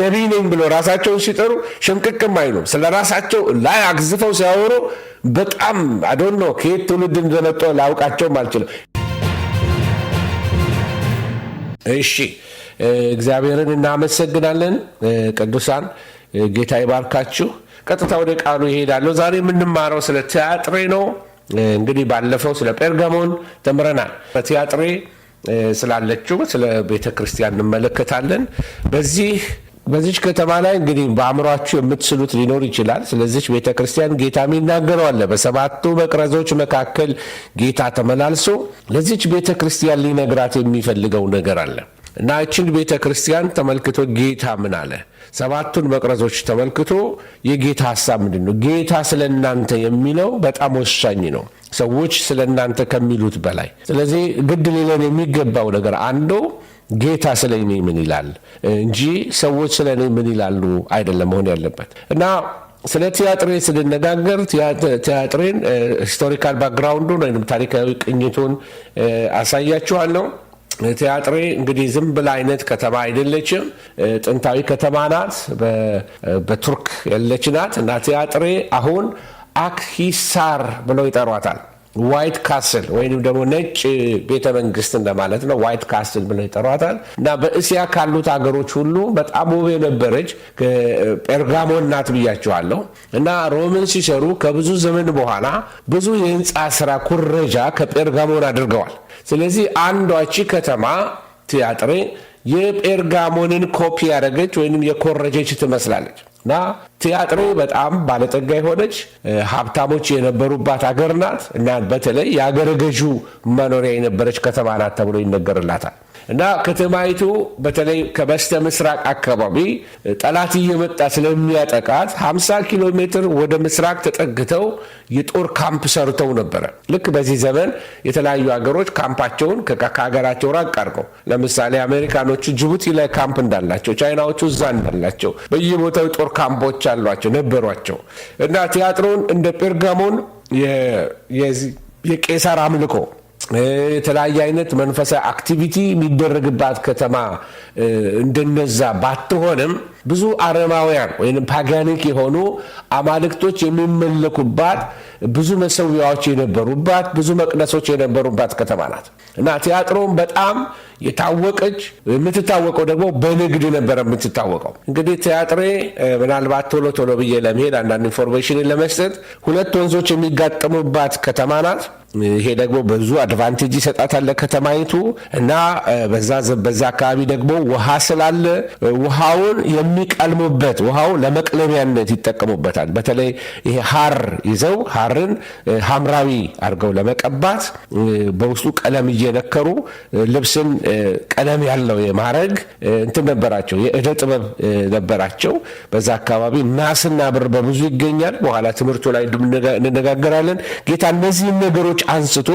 ነቢ ነኝ ብሎ ራሳቸውን ሲጠሩ ሽምቅቅም አይሉም። ስለ ራሳቸው ላይ አግዝፈው ሲያወሩ በጣም አዶኖ ከየት ትውልድ እንደመጡ ላውቃቸውም አልችልም። እሺ እግዚአብሔርን እናመሰግናለን። ቅዱሳን ጌታ ይባርካችሁ። ቀጥታ ወደ ቃሉ ይሄዳለሁ። ዛሬ የምንማረው ስለ ቲያጥሬ ነው። እንግዲህ ባለፈው ስለ ጴርጋሞን ተምረናል። በቲያጥሬ ስላለችው ስለ ቤተ ክርስቲያን እንመለከታለን። በዚህ በዚች ከተማ ላይ እንግዲህ በአእምሯችሁ የምትስሉት ሊኖር ይችላል። ስለዚች ቤተ ክርስቲያን ጌታም ይናገረዋል። በሰባቱ መቅረዞች መካከል ጌታ ተመላልሶ ለዚች ቤተ ክርስቲያን ሊነግራት የሚፈልገው ነገር አለ እና እችን ቤተ ክርስቲያን ተመልክቶ ጌታ ምን አለ? ሰባቱን መቅረዞች ተመልክቶ የጌታ ሀሳብ ምንድን ነው? ጌታ ስለ እናንተ የሚለው በጣም ወሳኝ ነው። ሰዎች ስለ እናንተ ከሚሉት በላይ። ስለዚህ ግድ ሊለን የሚገባው ነገር አንዱ ጌታ ስለ እኔ ምን ይላል እንጂ ሰዎች ስለ እኔ ምን ይላሉ አይደለም መሆን ያለበት እና ስለ ቲያጥሬ ስንነጋገር ቲያጥሬን ሂስቶሪካል ባክግራውንዱን ወይም ታሪካዊ ቅኝቱን አሳያችኋለሁ። ቲያጥሬ እንግዲህ ዝም ብላ አይነት ከተማ አይደለችም። ጥንታዊ ከተማ ናት። በቱርክ ያለች ናት እና ቲያጥሬ አሁን አክሂሳር ብለው ይጠሯታል። ዋይት ካስል ወይም ደግሞ ነጭ ቤተ መንግስት እንደማለት ነው። ዋይት ካስል ብለው ይጠሯታል እና በእስያ ካሉት ሀገሮች ሁሉ በጣም ውብ የነበረች ጴርጋሞን ናት ብያችኋለሁ። እና ሮምን ሲሰሩ ከብዙ ዘመን በኋላ ብዙ የህንፃ ስራ ኩረጃ ከጴርጋሞን አድርገዋል። ስለዚህ አንዷቺ ከተማ ቲያጥሬ የጴርጋሞንን ኮፒ ያደረገች ወይም የኮረጀች ትመስላለች። እና ቲያትሮ በጣም ባለጠጋ የሆነች ሀብታሞች የነበሩባት ሀገር ናት እና በተለይ የአገረ ገዡ መኖሪያ የነበረች ከተማ ናት ተብሎ ይነገርላታል። እና ከተማይቱ በተለይ ከበስተ ምስራቅ አካባቢ ጠላት እየመጣ ስለሚያጠቃት 50 ኪሎ ሜትር ወደ ምስራቅ ተጠግተው የጦር ካምፕ ሰርተው ነበረ። ልክ በዚህ ዘመን የተለያዩ ሀገሮች ካምፓቸውን ከሀገራቸው ራቅ አድርገው፣ ለምሳሌ አሜሪካኖቹ ጅቡቲ ላይ ካምፕ እንዳላቸው፣ ቻይናዎቹ እዛ እንዳላቸው፣ በየቦታው የጦር ካምፖች አሏቸው ነበሯቸው እና ቲያትሮን እንደ ጴርጋሞን የቄሳር አምልኮ የተለያየ አይነት መንፈሳዊ አክቲቪቲ የሚደረግባት ከተማ እንደነዛ ባትሆንም ብዙ አረማውያን ወይም ፓጋኒክ የሆኑ አማልክቶች የሚመለኩባት ብዙ መሰዊያዎች የነበሩባት ብዙ መቅደሶች የነበሩባት ከተማ ናት እና ቲያጥሮም በጣም የታወቀች የምትታወቀው ደግሞ በንግድ ነበር የምትታወቀው። እንግዲህ ቲያጥሬ ምናልባት ቶሎ ቶሎ ብዬ ለመሄድ አንዳንድ ኢንፎርሜሽን ለመስጠት ሁለት ወንዞች የሚጋጠሙባት ከተማ ናት። ይሄ ደግሞ ብዙ አድቫንቴጅ ይሰጣታል ከተማይቱ እና በዛ አካባቢ ደግሞ ውሃ ስላለ ውሃውን የሚቀልሙበት ውሃው ለመቅለሚያነት ይጠቀሙበታል። በተለይ ይሄ ሐር ይዘው ሐርን ሐምራዊ አድርገው ለመቀባት በውስጡ ቀለም እየነከሩ ልብስን ቀለም ያለው የማድረግ እንትን ነበራቸው፣ የእደ ጥበብ ነበራቸው። በዛ አካባቢ ናስና ብር በብዙ ይገኛል። በኋላ ትምህርቱ ላይ እንነጋገራለን። ጌታ እነዚህን ነገሮች አንስቶ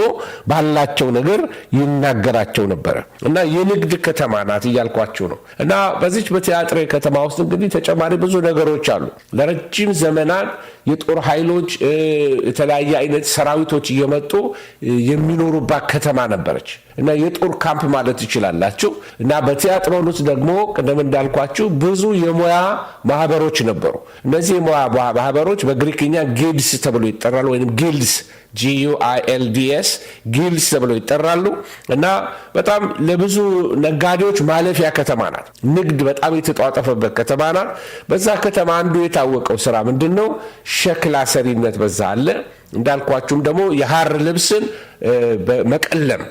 ባላቸው ነገር ይናገራቸው ነበረ እና የንግድ ከተማ ናት እያልኳችሁ ነው እና በዚች በቲያጥሬ ከተማ ውስጥ እንግዲህ ተጨማሪ ብዙ ነገሮች አሉ። ለረጅም ዘመናት የጦር ኃይሎች የተለያየ አይነት ሰራዊቶች እየመጡ የሚኖሩባት ከተማ ነበረች። እና የጦር ካምፕ ማለት ይችላላችሁ። እና በቲያጥሮን ውስጥ ደግሞ ቅድም እንዳልኳችሁ ብዙ የሙያ ማህበሮች ነበሩ። እነዚህ የሙያ ማህበሮች በግሪክኛ ጊልድስ ተብሎ ይጠራሉ፣ ወይም ጊልድስ ጂዩአይኤልዲኤስ ጊልድስ ተብሎ ይጠራሉ። እና በጣም ለብዙ ነጋዴዎች ማለፊያ ከተማ ናት። ንግድ በጣም የተጧጠፈበት ከተማ ናት። በዛ ከተማ አንዱ የታወቀው ስራ ምንድን ነው? ሸክላ ሰሪነት በዛ አለ። እንዳልኳችሁም ደግሞ የሐር ልብስን መቀለም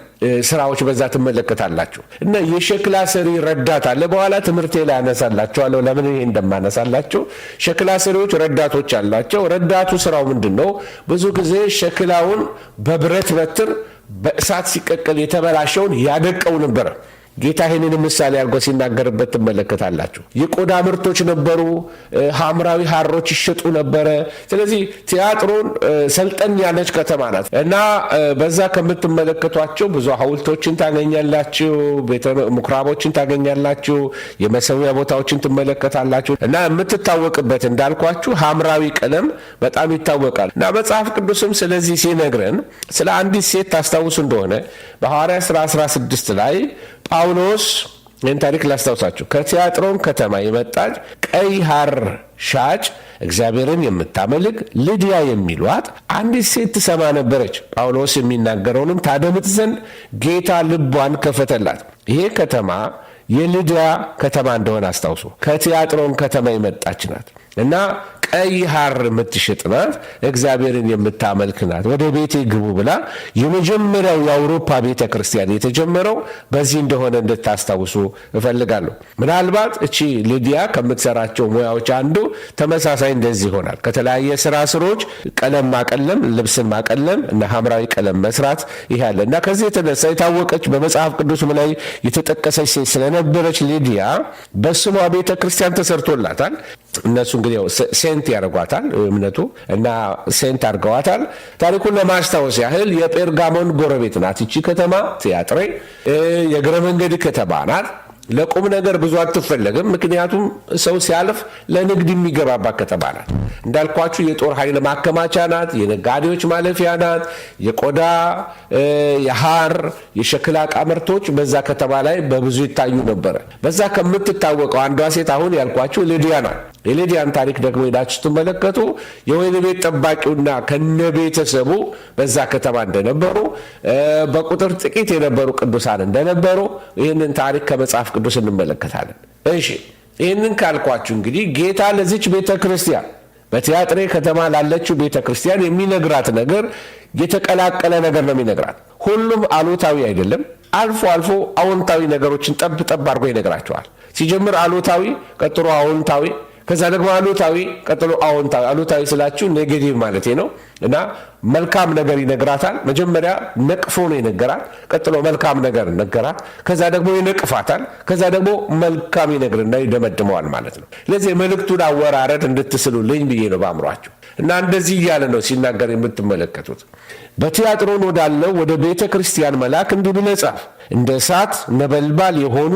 ስራዎች በዛ ትመለከታላችሁ እና የሸክላ ሰሪ ረዳት አለ። በኋላ ትምህርቴ ላይ ያነሳላችኋለሁ ለምን ይሄ እንደማነሳላችሁ። ሸክላ ሰሪዎች ረዳቶች አላቸው። ረዳቱ ስራው ምንድን ነው? ብዙ ጊዜ ሸክላውን በብረት በትር በእሳት ሲቀቀል የተበላሸውን ያደቀው ነበረ። ጌታ ይህንን ምሳሌ አድርጎ ሲናገርበት ትመለከታላችሁ። የቆዳ ምርቶች ነበሩ፣ ሐምራዊ ሀሮች ይሸጡ ነበረ። ስለዚህ ቲያጥሮን ሰልጠን ያለች ከተማ ናት እና በዛ ከምትመለከቷቸው ብዙ ሐውልቶችን ታገኛላችሁ፣ ቤተ ምኩራቦችን ታገኛላችሁ፣ የመሰዊያ ቦታዎችን ትመለከታላችሁ እና የምትታወቅበት እንዳልኳችሁ ሐምራዊ ቀለም በጣም ይታወቃል እና መጽሐፍ ቅዱስም ስለዚህ ሲነግረን ስለ አንዲት ሴት ታስታውሱ እንደሆነ በሐዋርያ ሥራ 16 ላይ ጳውሎስ ይህን ታሪክ ላስታውሳችሁ። ከቲያጥሮን ከተማ የመጣች ቀይ ሐር ሻጭ እግዚአብሔርን የምታመልክ ልድያ የሚሏት አንዲት ሴት ትሰማ ነበረች። ጳውሎስ የሚናገረውንም ታደምጥ ዘንድ ጌታ ልቧን ከፈተላት። ይሄ ከተማ የልድያ ከተማ እንደሆነ አስታውሱ። ከቲያጥሮን ከተማ የመጣች ናት እና ቀይ ሐር የምትሽጥ ናት፣ እግዚአብሔርን የምታመልክ ናት። ወደ ቤቴ ግቡ ብላ የመጀመሪያው የአውሮፓ ቤተ ክርስቲያን የተጀመረው በዚህ እንደሆነ እንድታስታውሱ እፈልጋለሁ። ምናልባት እቺ ሊዲያ ከምትሰራቸው ሙያዎች አንዱ ተመሳሳይ እንደዚህ ይሆናል። ከተለያየ ስራ ስሮች ቀለም ማቀለም፣ ልብስን ማቀለም እና ሐምራዊ ቀለም መስራት ይህ ያለ እና ከዚህ የተነሳ የታወቀች በመጽሐፍ ቅዱስም ላይ የተጠቀሰች ሴት ስለነበረች ሊዲያ በስሟ ቤተ ክርስቲያን ተሰርቶላታል። እነሱ እንግዲህ ሴንት ያደርጓታል እምነቱ እና ሴንት አድርገዋታል። ታሪኩን ለማስታወስ ያህል የጴርጋሞን ጎረቤት ናት ይቺ ከተማ። ቲያጥሬ የእግረ መንገድ ከተማ ናት። ለቁም ነገር ብዙ አትፈለግም። ምክንያቱም ሰው ሲያልፍ ለንግድ የሚገባባት ከተማ ናት። እንዳልኳችሁ የጦር ኃይል ማከማቻ ናት። የነጋዴዎች ማለፊያ ናት። የቆዳ፣ የሐር፣ የሸክላ ዕቃ ምርቶች በዛ ከተማ ላይ በብዙ ይታዩ ነበረ። በዛ ከምትታወቀው አንዷ ሴት አሁን ያልኳችሁ ሊዲያ ናት። የሌዲያን ታሪክ ደግሞ ሄዳችሁ ስትመለከቱ የወይን ቤት ጠባቂውና ከነ ቤተሰቡ በዛ ከተማ እንደነበሩ፣ በቁጥር ጥቂት የነበሩ ቅዱሳን እንደነበሩ ይህንን ታሪክ ከመጽሐፍ ቅዱስ እንመለከታለን። እሺ ይህንን ካልኳችሁ እንግዲህ ጌታ ለዚች ቤተ ክርስቲያን በትያጥሬ ከተማ ላለችው ቤተ ክርስቲያን የሚነግራት ነገር የተቀላቀለ ነገር ነው የሚነግራት። ሁሉም አሉታዊ አይደለም። አልፎ አልፎ አዎንታዊ ነገሮችን ጠብ ጠብ አድርጎ ይነግራቸዋል። ሲጀምር አሉታዊ፣ ቀጥሎ አዎንታዊ፣ ከዛ ደግሞ አሉታዊ፣ ቀጥሎ አዎንታዊ። አሉታዊ ስላችሁ ኔጌቲቭ ማለት ነው እና መልካም ነገር ይነግራታል። መጀመሪያ ነቅፎ ነው ይነገራል። ቀጥሎ መልካም ነገር ነገራት። ከዛ ደግሞ ይነቅፋታል። ከዛ ደግሞ መልካም ይነግርና ይደመድመዋል ማለት ነው። ስለዚህ መልእክቱን አወራረድ እንድትስሉልኝ ብዬ ነው በአእምሯችሁ እና እንደዚህ እያለ ነው ሲናገር የምትመለከቱት። በትያጥሮን ወዳለው ወደ ቤተ ክርስቲያን መልአክ እንዲህ ብለህ ጻፍ፣ እንደ እሳት ነበልባል የሆኑ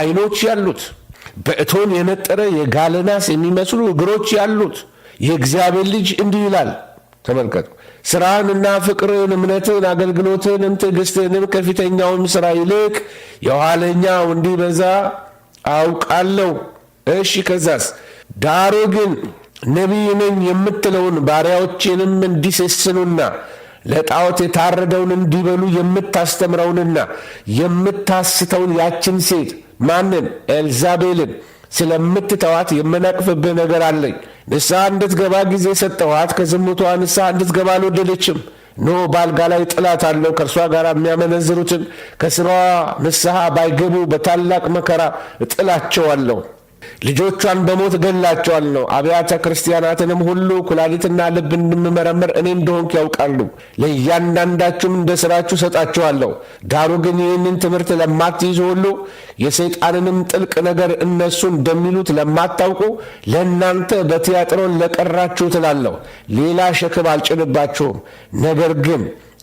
አይኖች ያሉት በእቶን የነጠረ የጋለናስ የሚመስሉ እግሮች ያሉት የእግዚአብሔር ልጅ እንዲህ ይላል። ተመልከቱ ሥራህንና ፍቅርን እምነትን አገልግሎትን ትዕግሥትህንም ከፊተኛውም ስራ ይልቅ የኋለኛው እንዲበዛ አውቃለሁ። እሺ ከዛስ ዳሩ ግን ነቢይ ነኝ የምትለውን ባሪያዎቼንም እንዲሴስኑና ለጣዖት የታረደውን እንዲበሉ የምታስተምረውንና የምታስተውን ያችን ሴት ማንን? ኤልዛቤልን ስለምትተዋት የምነቅፍብህ ነገር አለኝ። ንስሐ እንድትገባ ጊዜ ሰጠኋት፣ ከዝሙቷ ንስሐ እንድትገባ አልወደደችም። ኖ በአልጋ ላይ ጥላት አለው። ከእርሷ ጋር የሚያመነዝሩትን ከስራዋ ንስሐ ባይገቡ በታላቅ መከራ እጥላቸዋለሁ። ልጆቿን በሞት ነው። አብያተ ክርስቲያናትንም ሁሉ ኩላሊትና ልብ እንድምመረምር እኔ እንደሆንኩ ያውቃሉ። ለእያንዳንዳችሁም እንደ ሥራችሁ ሰጣችኋለሁ። ዳሩ ግን ይህንን ትምህርት ለማትይዙ ሁሉ የሰይጣንንም ጥልቅ ነገር እነሱ እንደሚሉት ለማታውቁ ለእናንተ በትያጥሮን ለቀራችሁ ትላለሁ። ሌላ ሸክም አልጭንባችሁም። ነገር ግን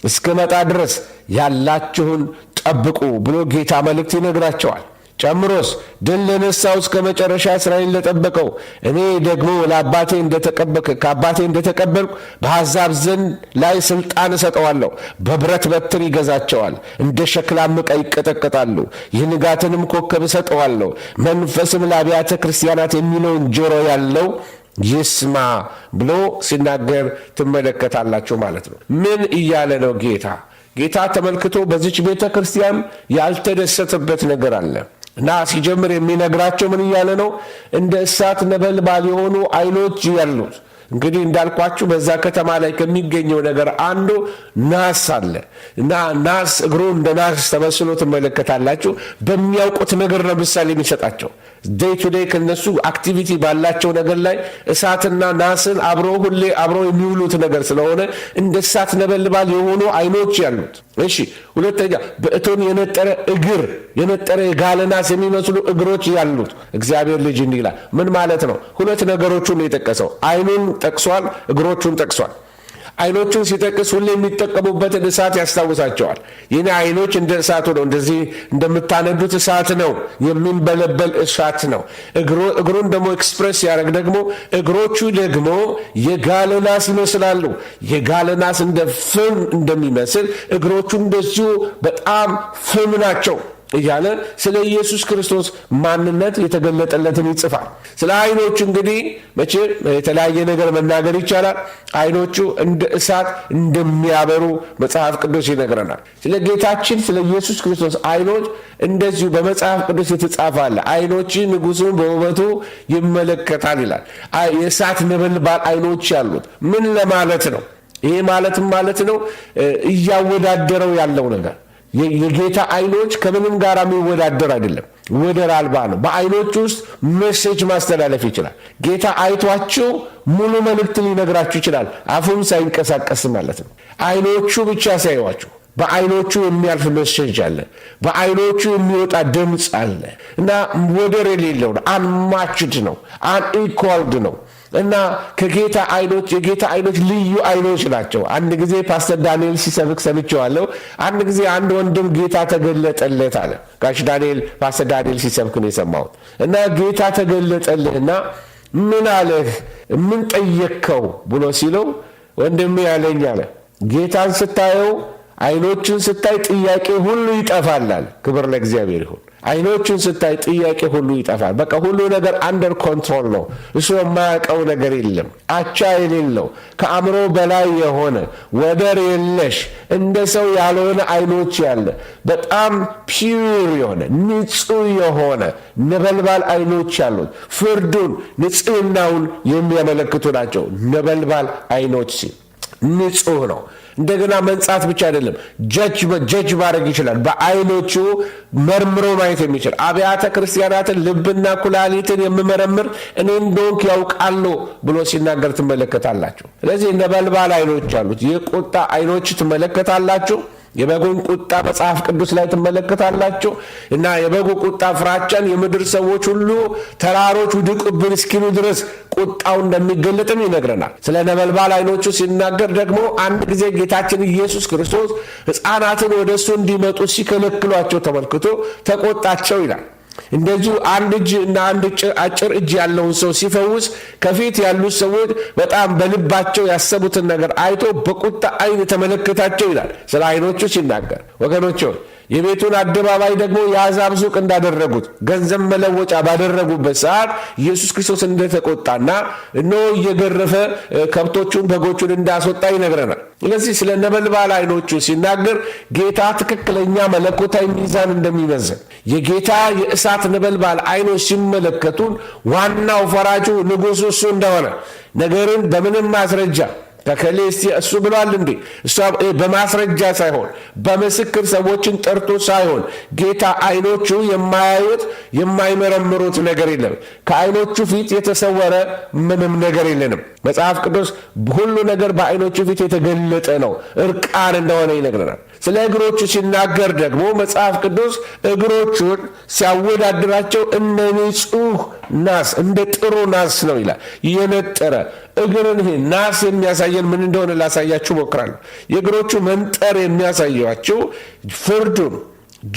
እስክመጣ ድረስ ያላችሁን ጠብቁ ብሎ ጌታ መልእክት ይነግራቸዋል። ጨምሮስ ድል ለነሳው እስከ መጨረሻ እስራኤል ለጠበቀው እኔ ደግሞ ለአባቴ እንደተቀበልክ ከአባቴ እንደተቀበልኩ በአሕዛብ ዘንድ ላይ ስልጣን እሰጠዋለሁ። በብረት በትር ይገዛቸዋል፣ እንደ ሸክላ ዕቃ ይቀጠቀጣሉ። የንጋትንም ኮከብ እሰጠዋለሁ። መንፈስም ለአብያተ ክርስቲያናት የሚለውን ጆሮ ያለው ይስማ ብሎ ሲናገር ትመለከታላችሁ ማለት ነው። ምን እያለ ነው ጌታ? ጌታ ተመልክቶ በዚች ቤተ ክርስቲያን ያልተደሰተበት ነገር አለ። እና ሲጀምር የሚነግራቸው ምን እያለ ነው? እንደ እሳት ነበልባል የሆኑ አይኖች ያሉት። እንግዲህ እንዳልኳችሁ በዛ ከተማ ላይ ከሚገኘው ነገር አንዱ ናስ አለ እና ናስ እግሩ እንደ ናስ ተመስሎ ትመለከታላችሁ። በሚያውቁት ነገር ነው ምሳሌ የሚሰጣቸው። ዴይ ቱ ዴይ ከነሱ አክቲቪቲ ባላቸው ነገር ላይ እሳትና ናስን አብረው ሁሌ አብረው የሚውሉት ነገር ስለሆነ እንደ እሳት ነበልባል የሆኑ አይኖች ያሉት። እሺ፣ ሁለተኛ በእቶን የነጠረ እግር የነጠረ የጋለ ናስ የሚመስሉ እግሮች ያሉት እግዚአብሔር ልጅ እንዲህ ምን ማለት ነው? ሁለት ነገሮቹን የጠቀሰው አይኑን ጠቅሷል፣ እግሮቹን ጠቅሷል። አይኖቹን ሲጠቅስ ሁሌ የሚጠቀሙበትን እሳት ያስታውሳቸዋል። ይህኔ አይኖች እንደ እሳቱ ነው፣ እንደዚህ እንደምታነዱት እሳት ነው፣ የሚንበለበል እሳት ነው። እግሩን ደግሞ ኤክስፕሬስ ያደረግ ደግሞ እግሮቹ ደግሞ የጋለ ናስ ይመስላሉ። የጋለ ናስ እንደ ፍም እንደሚመስል እግሮቹ እንደዚሁ በጣም ፍም ናቸው። እያለ ስለ ኢየሱስ ክርስቶስ ማንነት የተገለጠለትን ይጽፋል። ስለ አይኖቹ እንግዲህ መቼ የተለያየ ነገር መናገር ይቻላል። አይኖቹ እንደ እሳት እንደሚያበሩ መጽሐፍ ቅዱስ ይነግረናል። ስለ ጌታችን ስለ ኢየሱስ ክርስቶስ አይኖች እንደዚሁ በመጽሐፍ ቅዱስ የተጻፋለ አለ። አይኖች ንጉሱን በውበቱ ይመለከታል ይላል። የእሳት ነበልባል አይኖች ያሉት ምን ለማለት ነው? ይሄ ማለትም ማለት ነው እያወዳደረው ያለው ነገር የጌታ አይኖች ከምንም ጋር የሚወዳደር አይደለም፣ ወደር አልባ ነው። በአይኖች ውስጥ መሴጅ ማስተላለፍ ይችላል። ጌታ አይቷችሁ ሙሉ መልእክትን ሊነግራችሁ ይችላል፣ አፉም ሳይንቀሳቀስ ማለት ነው። አይኖቹ ብቻ ሲያዩዋችሁ በአይኖቹ የሚያልፍ መሴጅ አለ። በአይኖቹ የሚወጣ ድምፅ አለ እና ወደር የሌለው ነው። አንማችድ ነው። አንኢኳልድ ነው። እና ከጌታ አይኖች የጌታ አይኖች ልዩ አይኖች ናቸው። አንድ ጊዜ ፓስተር ዳንኤል ሲሰብክ ሰምቼዋለሁ። አንድ ጊዜ አንድ ወንድም ጌታ ተገለጠለት አለ። ጋሽ ዳንኤል ፓስተር ዳንኤል ሲሰብክ ነው የሰማሁት። እና ጌታ ተገለጠልህና ምን አለህ ምን ጠየከው? ብሎ ሲለው ወንድም ያለኝ አለ ጌታን ስታየው አይኖችን ስታይ ጥያቄ ሁሉ ይጠፋላል። ክብር ለእግዚአብሔር ይሁን። አይኖቹን ስታይ ጥያቄ ሁሉ ይጠፋል። በቃ ሁሉ ነገር አንደር ኮንትሮል ነው። እሱ የማያውቀው ነገር የለም፣ አቻ የሌለው ከአእምሮ በላይ የሆነ ወደር የለሽ እንደ ሰው ያልሆነ አይኖች ያለ በጣም ፒውር የሆነ ንጹህ የሆነ ነበልባል አይኖች ያሉት ፍርዱን፣ ንጽህናውን የሚያመለክቱ ናቸው ነበልባል አይኖች ሲል ንጹህ ነው። እንደገና መንጻት ብቻ አይደለም፣ ጀጅ ማድረግ ይችላል። በአይኖቹ መርምሮ ማየት የሚችል አብያተ ክርስቲያናትን ልብና ኩላሊትን የምመረምር እኔ እንደሆንኩ ያውቃሉ ብሎ ሲናገር ትመለከታላችሁ። ስለዚህ ነበልባል አይኖች አሉት። የቁጣ አይኖች ትመለከታላችሁ። የበጉን ቁጣ መጽሐፍ ቅዱስ ላይ ትመለከታላችሁ እና የበጉ ቁጣ ፍራቻን የምድር ሰዎች ሁሉ ተራሮች ውደቁብን እስኪሉ ድረስ ቁጣው እንደሚገለጥም ይነግረናል። ስለ ነበልባል አይኖቹ ሲናገር ደግሞ አንድ ጊዜ ጌታችን ኢየሱስ ክርስቶስ ሕፃናትን ወደ እሱ እንዲመጡ ሲከለክሏቸው ተመልክቶ ተቆጣቸው ይላል። እንደዚሁ አንድ እጅ እና አንድ አጭር እጅ ያለውን ሰው ሲፈውስ ከፊት ያሉት ሰዎች በጣም በልባቸው ያሰቡትን ነገር አይቶ በቁጣ አይን ተመለከታቸው ይላል። ስለ አይኖቹ ሲናገር ወገኖች የቤቱን አደባባይ ደግሞ የአሕዛብ ሱቅ እንዳደረጉት ገንዘብ መለወጫ ባደረጉበት ሰዓት ኢየሱስ ክርስቶስ እንደተቆጣና እነሆ እየገረፈ ከብቶቹን በጎቹን እንዳስወጣ ይነግረናል። ስለዚህ ስለ ነበልባል አይኖቹ ሲናገር ጌታ ትክክለኛ መለኮታዊ ሚዛን እንደሚመዘን የጌታ የእሳት ነበልባል አይኖች ሲመለከቱን ዋናው ፈራጁ ንጉሱ እሱ እንደሆነ ነገርን በምንም ማስረጃ ከከሌ እሱ ብሏል እንዴ? እሷ በማስረጃ ሳይሆን በምስክር ሰዎችን ጠርቶ ሳይሆን ጌታ አይኖቹ የማያዩት የማይመረምሩት ነገር የለም። ከአይኖቹ ፊት የተሰወረ ምንም ነገር የለንም። መጽሐፍ ቅዱስ ሁሉ ነገር በአይኖቹ ፊት የተገለጠ ነው፣ እርቃን እንደሆነ ይነግረናል። ስለ እግሮቹ ሲናገር ደግሞ መጽሐፍ ቅዱስ እግሮቹን ሲያወዳድራቸው እንደ ንጹህ ናስ እንደ ጥሩ ናስ ነው ይላል። የነጠረ እግርን ይሄ ናስ የሚያሳየን ምን እንደሆነ ላሳያችሁ ሞክራለሁ። የእግሮቹ መንጠር የሚያሳያችሁ ፍርዱን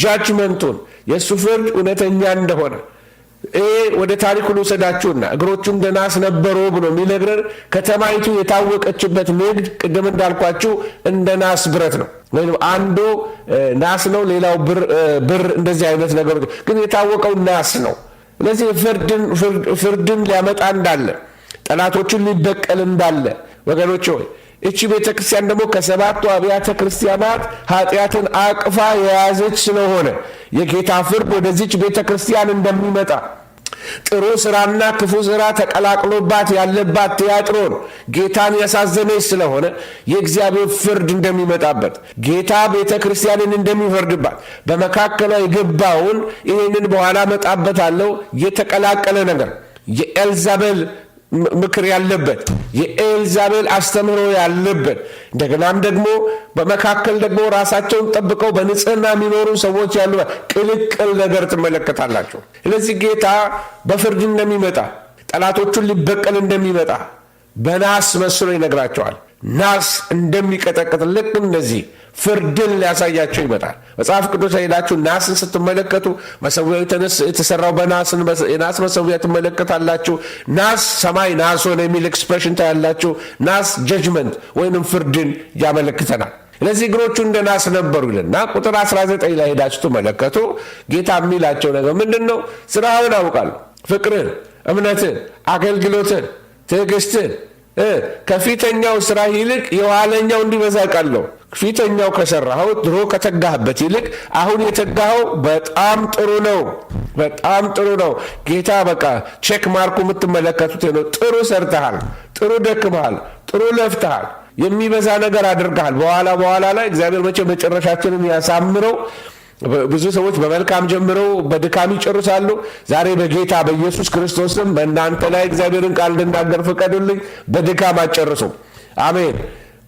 ጃጅመንቱን የእሱ ፍርድ እውነተኛ እንደሆነ ይሄ ወደ ታሪኩ ልውሰዳችሁና እግሮቹም ደናስ ነበሮ ነበሩ ብሎ የሚነግረን ከተማይቱ የታወቀችበት ንግድ ቅድም እንዳልኳችሁ እንደ ናስ ብረት ነው። ወይም አንዱ ናስ ነው፣ ሌላው ብር፣ እንደዚህ አይነት ነገር ግን የታወቀው ናስ ነው። ስለዚህ ፍርድን ሊያመጣ እንዳለ ጠላቶቹን ሊበቀል እንዳለ ወገኖች ሆይ እቺ ቤተ ክርስቲያን ደግሞ ከሰባቱ አብያተ ክርስቲያናት ኃጢአትን አቅፋ የያዘች ስለሆነ የጌታ ፍርድ ወደዚች ቤተ ክርስቲያን እንደሚመጣ ጥሩ ስራና ክፉ ስራ ተቀላቅሎባት ያለባት ቲያጥሮን ጌታን ያሳዘነች ስለሆነ የእግዚአብሔር ፍርድ እንደሚመጣበት ጌታ ቤተ ክርስቲያንን እንደሚፈርድባት በመካከሏ የገባውን ይህንን በኋላ መጣበት አለው የተቀላቀለ ነገር የኤልዛቤል ምክር ያለበት የኤልዛቤል አስተምህሮ ያለበት እንደገናም ደግሞ በመካከል ደግሞ ራሳቸውን ጠብቀው በንጽህና የሚኖሩ ሰዎች ያሉ ቅልቅል ነገር ትመለከታላቸው። ስለዚህ ጌታ በፍርድ እንደሚመጣ ጠላቶቹን ሊበቀል እንደሚመጣ በናስ መስሎ ይነግራቸዋል። ናስ እንደሚቀጠቅጥ ልክ እንደዚህ ፍርድን ሊያሳያቸው ይመጣል። መጽሐፍ ቅዱስ ሄዳችሁ ናስን ስትመለከቱ መሰዊያው የተሰራው በናስ መሰዊያ ትመለከታላችሁ። ናስ ሰማይ ናስ ሆነ የሚል ኤክስፕሬሽን ታያላችሁ። ናስ ጀጅመንት ወይንም ፍርድን ያመለክተናል። ስለዚህ እግሮቹ እንደ ናስ ነበሩ ይልና ቁጥር 19 ላይ ሄዳችሁ ትመለከቱ ጌታ የሚላቸው ነገር ምንድን ነው? ስራህን አውቃለሁ፣ ፍቅርህን፣ እምነትን፣ አገልግሎትን፣ ትዕግስትን ከፊተኛው ስራ ይልቅ የኋለኛው እንዲበዛ ቀለው ፊተኛው ከሰራኸው ድሮ ከተጋህበት ይልቅ አሁን የተጋኸው በጣም ጥሩ ነው፣ በጣም ጥሩ ነው። ጌታ በቃ ቼክ ማርኩ የምትመለከቱት ነው። ጥሩ ሰርተሃል፣ ጥሩ ደክመሃል፣ ጥሩ ለፍተሃል፣ የሚበዛ ነገር አድርገሃል። በኋላ በኋላ ላይ እግዚአብሔር መቼ መጨረሻችንን ያሳምረው። ብዙ ሰዎች በመልካም ጀምረው በድካም ይጨርሳሉ። ዛሬ በጌታ በኢየሱስ ክርስቶስም በእናንተ ላይ እግዚአብሔርን ቃል እንድናገር ፍቀዱልኝ። በድካም አጨርሱም። አሜን።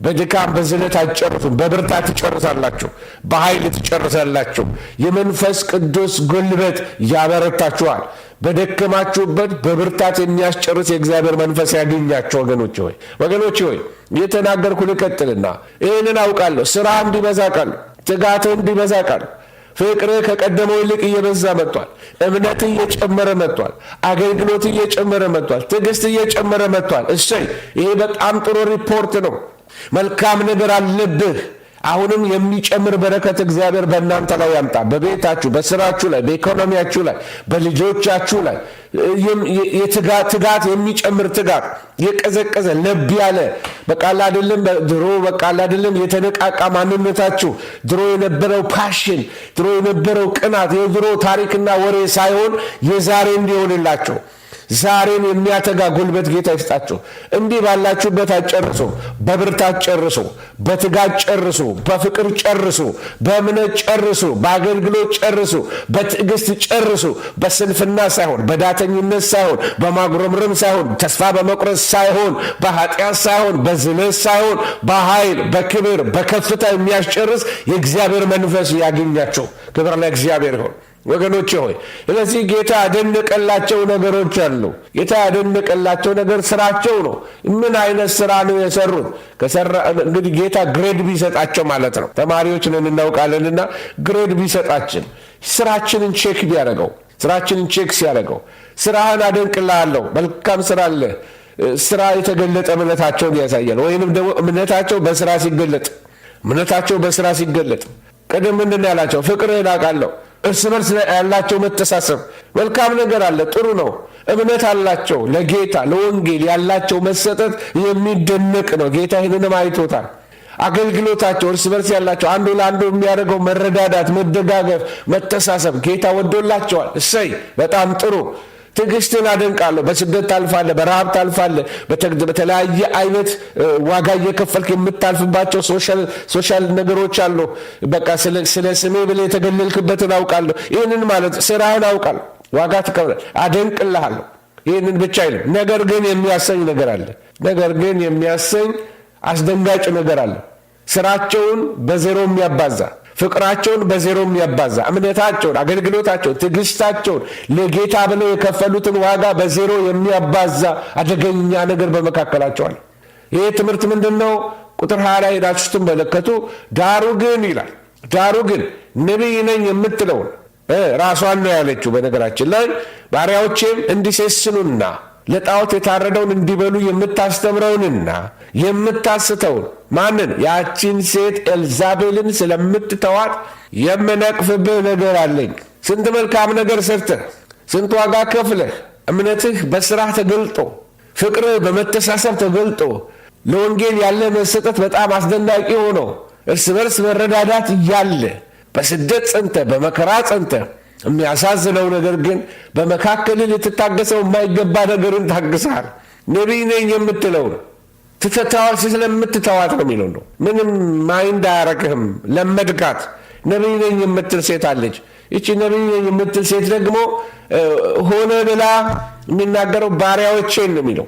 በድካም በዝነት አትጨርሱም። በብርታት ትጨርሳላችሁ፣ በኃይል ትጨርሳላችሁ። የመንፈስ ቅዱስ ጉልበት ያበረታችኋል። በደከማችሁበት በብርታት የሚያስጨርስ የእግዚአብሔር መንፈስ ያገኛቸው። ወገኖች ሆይ ወገኖች ሆይ እየተናገርኩ ልቀጥልና ይህንን አውቃለሁ። ስራ እንዲበዛ ቃል፣ ትጋት እንዲበዛ ቃል ፍቅር ከቀደመው ይልቅ እየበዛ መጥቷል። እምነት እየጨመረ መጥቷል። አገልግሎት እየጨመረ መጥቷል። ትዕግስት እየጨመረ መጥቷል። እሰይ! ይሄ በጣም ጥሩ ሪፖርት ነው። መልካም ነገር አለብህ። አሁንም የሚጨምር በረከት እግዚአብሔር በእናንተ ላይ ያምጣ። በቤታችሁ፣ በስራችሁ ላይ፣ በኢኮኖሚያችሁ ላይ፣ በልጆቻችሁ ላይ ትጋት የሚጨምር ትጋት፣ የቀዘቀዘ ለብ ያለ በቃል አይደለም ድሮ በቃል አይደለም የተነቃቃ ማንነታችሁ፣ ድሮ የነበረው ፓሽን፣ ድሮ የነበረው ቅናት፣ የድሮ ታሪክና ወሬ ሳይሆን የዛሬ እንዲሆንላቸው ዛሬን የሚያተጋ ጉልበት ጌታ ይስጣችሁ። እንዲህ ባላችሁበት አጨርሱ፣ በብርታት ጨርሱ፣ በትጋት ጨርሱ፣ በፍቅር ጨርሱ፣ በእምነት ጨርሱ፣ በአገልግሎት ጨርሱ፣ በትዕግስት ጨርሱ። በስንፍና ሳይሆን፣ በዳተኝነት ሳይሆን፣ በማጉረምረም ሳይሆን፣ ተስፋ በመቁረጥ ሳይሆን፣ በኃጢአት ሳይሆን፣ በዝነት ሳይሆን፣ በኃይል በክብር በከፍታ የሚያስጨርስ የእግዚአብሔር መንፈስ ያገኛችሁ። ክብር ለእግዚአብሔር ይሆን። ወገኖች ሆይ ስለዚህ ጌታ ያደነቀላቸው ነገሮች አሉ። ጌታ ያደነቀላቸው ነገር ስራቸው ነው። ምን አይነት ስራ ነው የሰሩት? እንግዲህ ጌታ ግሬድ ቢሰጣቸው ማለት ነው። ተማሪዎች ነን እናውቃለንና፣ ግሬድ ቢሰጣችን ስራችንን ቼክ ቢያደርገው ስራችንን ቼክ ሲያደርገው ስራህን አደንቅልሃለሁ፣ መልካም ስራ አለ ስራ የተገለጠ እምነታቸውን ያሳያል። ወይንም ደግሞ እምነታቸው በስራ ሲገለጥ እምነታቸው በስራ ሲገለጥ ቅድም ምንድን ያላቸው ፍቅርህን አውቃለሁ እርስ በርስ ያላቸው መተሳሰብ መልካም ነገር አለ፣ ጥሩ ነው። እምነት አላቸው፣ ለጌታ ለወንጌል ያላቸው መሰጠት የሚደነቅ ነው። ጌታ ይህንንም አይቶታል። አገልግሎታቸው፣ እርስ በርስ ያላቸው አንዱ ለአንዱ የሚያደርገው መረዳዳት፣ መደጋገፍ፣ መተሳሰብ ጌታ ወዶላቸዋል። እሰይ በጣም ጥሩ ትዕግስትን አደንቃለሁ። በስደት ታልፋለ፣ በረሃብ ታልፋለ፣ በተለያየ አይነት ዋጋ እየከፈልክ የምታልፍባቸው ሶሻል ነገሮች አሉ። በቃ ስለ ስሜ ብለ የተገለልክበትን አውቃለሁ። ይህንን ማለት ስራህን አውቃል፣ ዋጋ ትከፍላለህ። አደንቅልሃለሁ። ይህንን ብቻ አይልም። ነገር ግን የሚያሰኝ ነገር አለ። ነገር ግን የሚያሰኝ አስደንጋጭ ነገር አለ። ስራቸውን በዜሮ የሚያባዛ ፍቅራቸውን በዜሮ የሚያባዛ እምነታቸውን፣ አገልግሎታቸውን፣ ትዕግስታቸውን ለጌታ ብለው የከፈሉትን ዋጋ በዜሮ የሚያባዛ አደገኛ ነገር በመካከላቸዋል። ይህ ትምህርት ምንድን ነው? ቁጥር ሀያ ላይ ሄዳችሁ ስትመለከቱ ዳሩ ግን ይላል ዳሩ ግን ነቢይ ነኝ የምትለውን ራሷን ነው ያለችው። በነገራችን ላይ ባሪያዎቼም እንዲሴስኑና ለጣዖት የታረደውን እንዲበሉ የምታስተምረውንና የምታስተውን ማንን? ያቺን ሴት ኤልዛቤልን ስለምትተዋት የምነቅፍብህ ነገር አለኝ። ስንት መልካም ነገር ሰርተህ፣ ስንት ዋጋ ከፍለህ፣ እምነትህ በስራህ ተገልጦ፣ ፍቅርህ በመተሳሰብ ተገልጦ፣ ለወንጌል ያለ መሰጠት በጣም አስደናቂ ሆኖ እርስ በርስ መረዳዳት እያለ በስደት ጸንተ፣ በመከራ ጸንተ የሚያሳዝነው ነገር ግን በመካከል ልትታገሰው የማይገባ ነገርን ታግሰሃል። ነቢይ ነኝ የምትለውን ትተተዋል ስለምትተዋት ነው የሚለው ነው። ምንም ማይንድ አያረግህም። ለመድጋት ነቢይ ነኝ የምትል ሴት አለች። ይቺ ነቢይ ነኝ የምትል ሴት ደግሞ ሆነ ብላ የሚናገረው ባሪያዎቼን ነው የሚለው።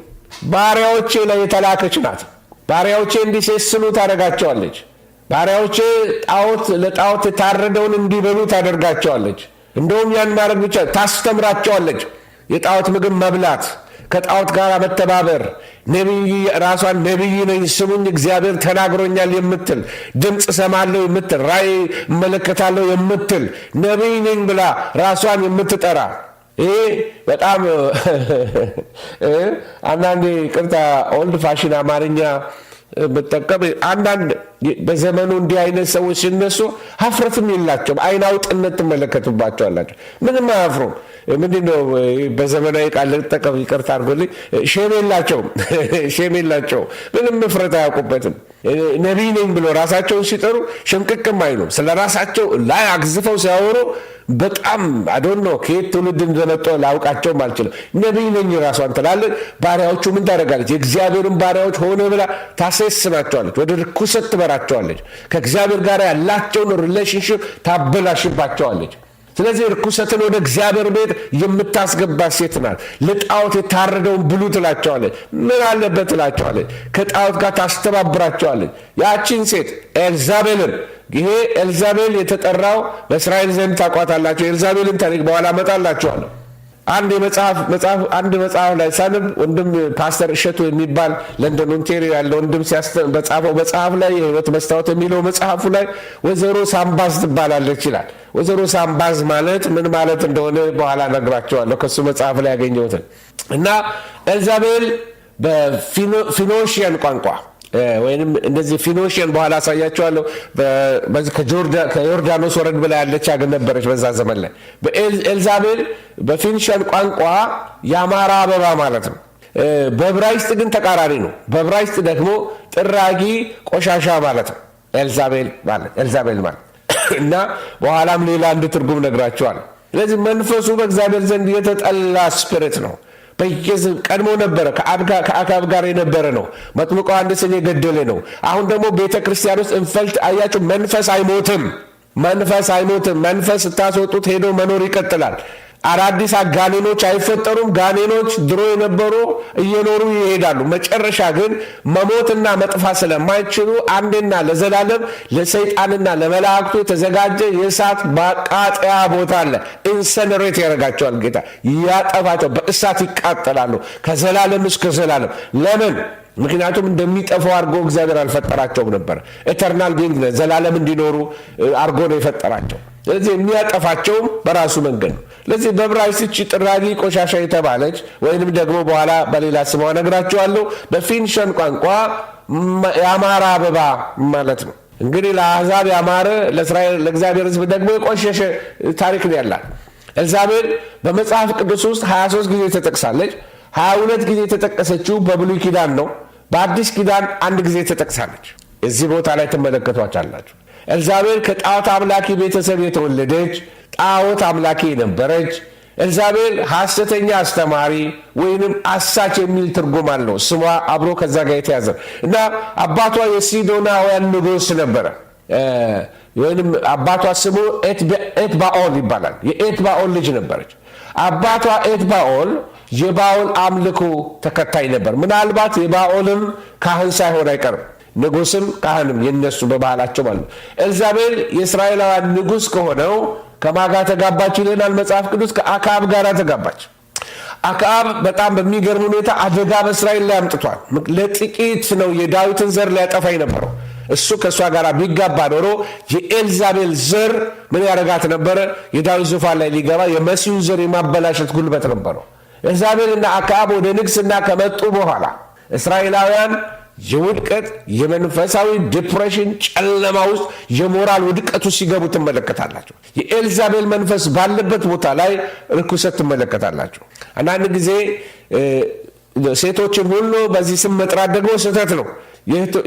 ባሪያዎቼ ላይ የተላከች ናት። ባሪያዎቼ እንዲሴስኑ ታደርጋቸዋለች። ባሪያዎቼ ጣዖት ለጣዖት የታረደውን እንዲበሉ ታደርጋቸዋለች። እንደውም ያን ማድረግ ብቻ ታስተምራቸዋለች። የጣዖት ምግብ መብላት ከጣዖት ጋር መተባበር ነቢይ ራሷን ነቢይ ነኝ ስሙኝ እግዚአብሔር ተናግሮኛል የምትል ድምፅ ሰማለሁ የምትል ራእይ እመለከታለሁ የምትል ነቢይ ነኝ ብላ ራሷን የምትጠራ ይህ በጣም አንዳንዴ ቅርታ ኦልድ ፋሽን አማርኛ ብጠቀም አንዳንድ በዘመኑ እንዲህ አይነት ሰዎች ሲነሱ ሀፍረትም የላቸውም። አይን አውጥነት ትመለከቱባቸዋላቸው። ምንም አያፍሩም። ምንድን ነው በዘመናዊ ቃል ልጠቀም ይቅርታ አድርጎልኝ። ሼም የላቸውም፣ ሼም የላቸውም። ምንም ምፍረት አያውቁበትም። ነቢይ ነኝ ብሎ ራሳቸውን ሲጠሩ ሽምቅቅም አይሉም። ስለ ራሳቸው ላይ አግዝፈው ሲያወሩ በጣም አዶኖ ከየት ትውልድ እንደመጠ ላውቃቸውም አልችልም። ነቢይ ነኝ ራሷን ትላለች። ባሪያዎቹ ምን ታደርጋለች? የእግዚአብሔርን ባሪያዎች ሆነ ብላ ታሴስናቸዋለች። ወደ ርኩሰት ትሰበራቸዋለች። ከእግዚአብሔር ጋር ያላቸውን ሪሌሽንሽፕ ታበላሽባቸዋለች። ስለዚህ ርኩሰትን ወደ እግዚአብሔር ቤት የምታስገባ ሴት ናት። ለጣዖት የታረደውን ብሉ ትላቸዋለች። ምን አለበት ትላቸዋለች። ከጣዖት ጋር ታስተባብራቸዋለች። ያቺን ሴት ኤልዛቤልን ይሄ ኤልዛቤል የተጠራው በእስራኤል ዘንድ ታቋታላቸው። ኤልዛቤልን ታሪክ በኋላ እመጣላችኋለሁ። አንድ መጽሐፍ ላይ ሳንብ ወንድም ፓስተር እሸቱ የሚባል ለንደን ኦንቴሪዮ ያለ ወንድም በጻፈው መጽሐፍ ላይ የህይወት መስታወት የሚለው መጽሐፉ ላይ ወይዘሮ ሳምባዝ ትባላለች ይላል። ወይዘሮ ሳምባዝ ማለት ምን ማለት እንደሆነ በኋላ ነግራቸዋለሁ ከሱ መጽሐፍ ላይ ያገኘሁትን እና ኤልዛቤል በፊኖሽያን ቋንቋ ወይም እንደዚህ ፊኖሽን በኋላ አሳያቸዋለሁ። ከዮርዳኖስ ወረድ ብላ ያለች አገር ነበረች። በዛ ዘመን ላይ ኤልዛቤል በፊኒሽን ቋንቋ የአማራ አበባ ማለት ነው። በብራይስጥ ግን ተቃራኒ ነው። በብራይስጥ ደግሞ ጥራጊ ቆሻሻ ማለት ነው ኤልዛቤል ማለት እና በኋላም ሌላ አንድ ትርጉም ነግራቸዋል። ስለዚህ መንፈሱ በእግዚአብሔር ዘንድ የተጠላ ስፒሪት ነው። ቀድሞ ነበረ ከአካብ ጋር የነበረ ነው። መጥምቀ ዮሐንስን የገደለ ነው። አሁን ደግሞ ቤተ ክርስቲያን ውስጥ እንፈልጥ። አያችሁ፣ መንፈስ አይሞትም። መንፈስ አይሞትም። መንፈስ ስታስወጡት ሄዶ መኖር ይቀጥላል። አዳዲስ አጋኔኖች አይፈጠሩም። ጋኔኖች ድሮ የነበሩ እየኖሩ ይሄዳሉ። መጨረሻ ግን መሞትና መጥፋት ስለማይችሉ አንዴና ለዘላለም ለሰይጣንና ለመላእክቱ የተዘጋጀ የእሳት ማቃጠያ ቦታ አለ። ኢንሰነሬት ያደርጋቸዋል ጌታ፣ ያጠፋቸው፣ በእሳት ይቃጠላሉ ከዘላለም እስከ ዘላለም። ለምን? ምክንያቱም እንደሚጠፋው አድርጎ እግዚአብሔር አልፈጠራቸውም ነበር። ኤተርናል ቢንግ ዘላለም እንዲኖሩ አድርጎ ነው የፈጠራቸው። ስለዚህ የሚያጠፋቸውም በራሱ መንገድ ነው። ለዚህ በዕብራይስጥ ጥራጊ ቆሻሻ የተባለች ወይንም ደግሞ በኋላ በሌላ ስሟ ነግራችኋለሁ። በፊንሸን ቋንቋ የአማራ አበባ ማለት ነው። እንግዲህ ለአሕዛብ ያማረ ለእስራኤል ለእግዚአብሔር ሕዝብ ደግሞ የቆሸሸ ታሪክ ነው ያላት። ኤልዛቤል በመጽሐፍ ቅዱስ ውስጥ 23 ጊዜ ተጠቅሳለች። 22 ጊዜ የተጠቀሰችው በብሉይ ኪዳን ነው። በአዲስ ኪዳን አንድ ጊዜ ተጠቅሳለች። እዚህ ቦታ ላይ ትመለከቷቻላችሁ። እግዚአብሔር ከጣዖት አምላኪ ቤተሰብ የተወለደች ጣዖት አምላኪ የነበረች እግዚአብሔር ሐሰተኛ አስተማሪ ወይንም አሳች የሚል ትርጉም አለው። ስሟ አብሮ ከዛ ጋር የተያዘ እና አባቷ የሲዶናውያን ንጉሥ ነበረ ወይም አባቷ ስሙ ኤትባኦል ይባላል። የኤትባኦል ልጅ ነበረች። አባቷ ኤትባኦል የባኦል አምልኮ ተከታይ ነበር። ምናልባት የባኦልም ካህን ሳይሆን አይቀርም። ንጉስም ካህንም የነሱ በባህላቸው ማለት ነው። ኤልዛቤል የእስራኤላውያን ንጉስ ከሆነው ከማጋ ተጋባች ይለናል መጽሐፍ ቅዱስ። ከአክዓብ ጋር ተጋባች። አክዓብ በጣም በሚገርም ሁኔታ አደጋ በእስራኤል ላይ አምጥቷል። ለጥቂት ነው የዳዊትን ዘር ሊያጠፋ የነበረው። እሱ ከእሷ ጋር ቢጋባ ኖሮ የኤልዛቤል ዘር ምን ያደረጋት ነበረ? የዳዊት ዙፋን ላይ ሊገባ የመሲሁ ዘር የማበላሸት ጉልበት ነበረው። እና አክዓብ ወደ ንግስና ከመጡ በኋላ እስራኤላውያን የውድቀት የመንፈሳዊ ዲፕሬሽን ጨለማ ውስጥ የሞራል ውድቀቱ ሲገቡ ትመለከታላቸው። የኤልዛቤል መንፈስ ባለበት ቦታ ላይ ርኩሰት ትመለከታላቸው። አንዳንድ ጊዜ ሴቶችን ሁሉ በዚህ ስም መጥራት ደግሞ ስህተት ነው።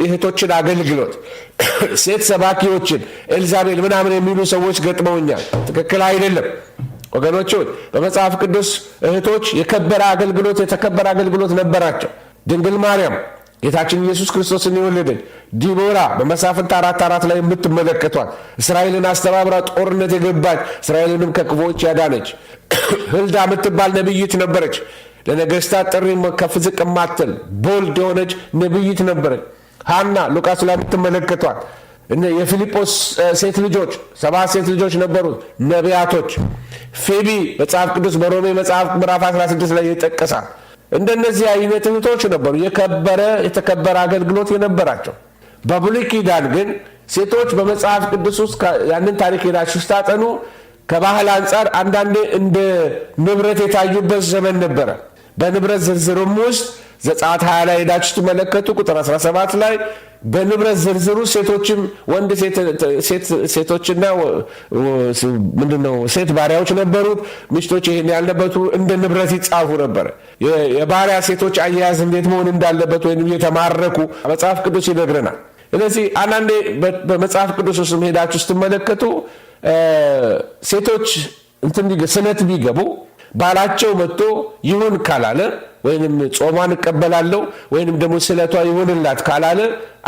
የእህቶችን አገልግሎት ሴት ሰባኪዎችን ኤልዛቤል ምናምን የሚሉ ሰዎች ገጥመውኛል። ትክክል አይደለም ወገኖች። በመጽሐፍ ቅዱስ እህቶች የከበረ አገልግሎት የተከበረ አገልግሎት ነበራቸው። ድንግል ማርያም ጌታችን ኢየሱስ ክርስቶስን የወለደች ዲቦራ በመሳፍንት አራት አራት ላይ የምትመለከቷት እስራኤልን አስተባብራ ጦርነት የገባች እስራኤልንም ከክፎች ያዳነች ህልዳ የምትባል ነብይት ነበረች። ለነገስታት ጥሪ ከፍዝቅ ማትል ቦልድ የሆነች ነብይት ነበረች። ሀና ሉቃስ ላይ የምትመለከቷት የፊልጶስ ሴት ልጆች ሰባት ሴት ልጆች ነበሩት ነቢያቶች። ፌቢ መጽሐፍ ቅዱስ በሮሜ መጽሐፍ ምዕራፍ 16 ላይ ይጠቀሳል። እንደነዚህ አይነት እህቶች ነበሩ የከበረ የተከበረ አገልግሎት የነበራቸው። በብሉይ ኪዳን ግን ሴቶች በመጽሐፍ ቅዱስ ውስጥ ያንን ታሪክ ሄዳችሁ ስታጠኑ ከባህል አንጻር አንዳንዴ እንደ ንብረት የታዩበት ዘመን ነበረ። በንብረት ዝርዝርም ውስጥ ዘጸአት 20 ላይ ሄዳችሁ ትመለከቱ ቁጥር 17 ላይ በንብረት ዝርዝሩ ሴቶችም ወንድ ሴቶችና ምንድነው ሴት ባሪያዎች ነበሩት። ሚስቶች ይህን ያለበቱ እንደ ንብረት ይጻፉ ነበር። የባሪያ ሴቶች አያያዝ እንዴት መሆን እንዳለበት ወይም እየተማረኩ መጽሐፍ ቅዱስ ይነግረናል። ስለዚህ አንዳንዴ በመጽሐፍ ቅዱስ ውስጥ መሄዳችሁ ስትመለከቱ ሴቶች እንትን ስለት ቢገቡ ባላቸው መጥቶ ይሁን ካላለ ወይንም ጾሟን እቀበላለሁ ወይንም ደግሞ ስለቷ ይሁንላት ካላለ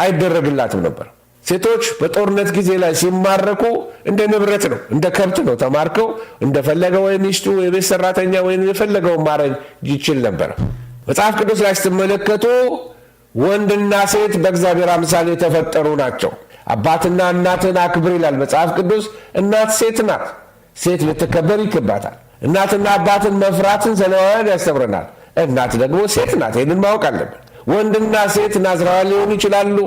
አይደረግላትም ነበር። ሴቶች በጦርነት ጊዜ ላይ ሲማረኩ እንደ ንብረት ነው፣ እንደ ከብት ነው። ተማርከው እንደፈለገ ወይ ሚስቱ የቤት ሰራተኛ ወይም የፈለገውን ማረግ ይችል ነበር። መጽሐፍ ቅዱስ ላይ ስትመለከቱ ወንድና ሴት በእግዚአብሔር አምሳል የተፈጠሩ ናቸው። አባትና እናትን አክብር ይላል መጽሐፍ ቅዱስ። እናት ሴት ናት። ሴት ልትከበር ይገባታል። እናትና አባትን መፍራትን ዘሌዋውያን ያስተምረናል። እናት ደግሞ ሴት ናት። ይህንን ማወቅ አለብን። ወንድና ሴት ናዝራውያን ሊሆኑ ይችላሉ።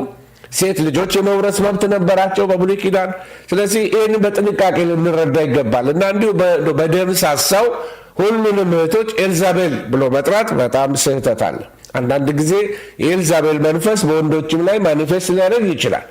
ሴት ልጆች የመውረስ መብት ነበራቸው በብሉይ ኪዳን። ስለዚህ ይህን በጥንቃቄ ልንረዳ ይገባል እና እንዲሁ በደምሳሳው ሁሉንም እህቶች ኤልዛቤል ብሎ መጥራት በጣም ስህተት አለ። አንዳንድ ጊዜ የኤልዛቤል መንፈስ በወንዶችም ላይ ማኒፌስት ሊያደርግ ይችላል።